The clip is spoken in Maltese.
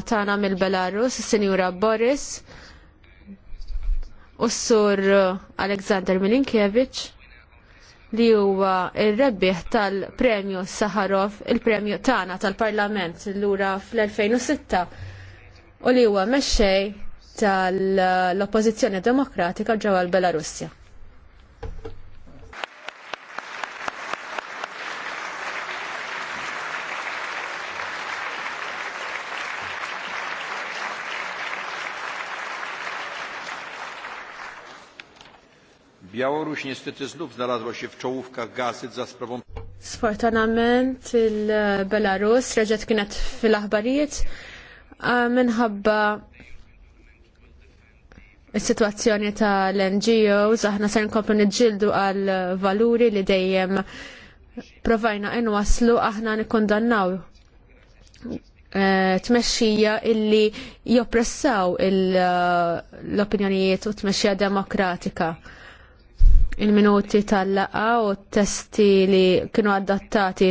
Tana mill-Belarus, Signora sinjura Boris u s-sur Alexander Milinkiewicz li huwa ir-rebbieħ tal-Premju Saharov, il-Premju tagħna tal-Parlament lura fl-2006 u li huwa mexxej tal-Oppożizzjoni Demokratika ġewwa l-Belarusja. Białoruś niestety znów znalazła się w czołówkach za sprawą... Sfortunament il-Belarus reġet kienet fil-aħbarijiet minħabba il-situazzjoni tal-NGOs, aħna ser nkomplu niġġieldu għal valuri li dejjem provajna inwaslu aħna nikkondannaw e, tmexxija illi joppressaw l-opinjonijiet u tmexxija demokratika il-minuti tal-laqa u t testi li kienu adattati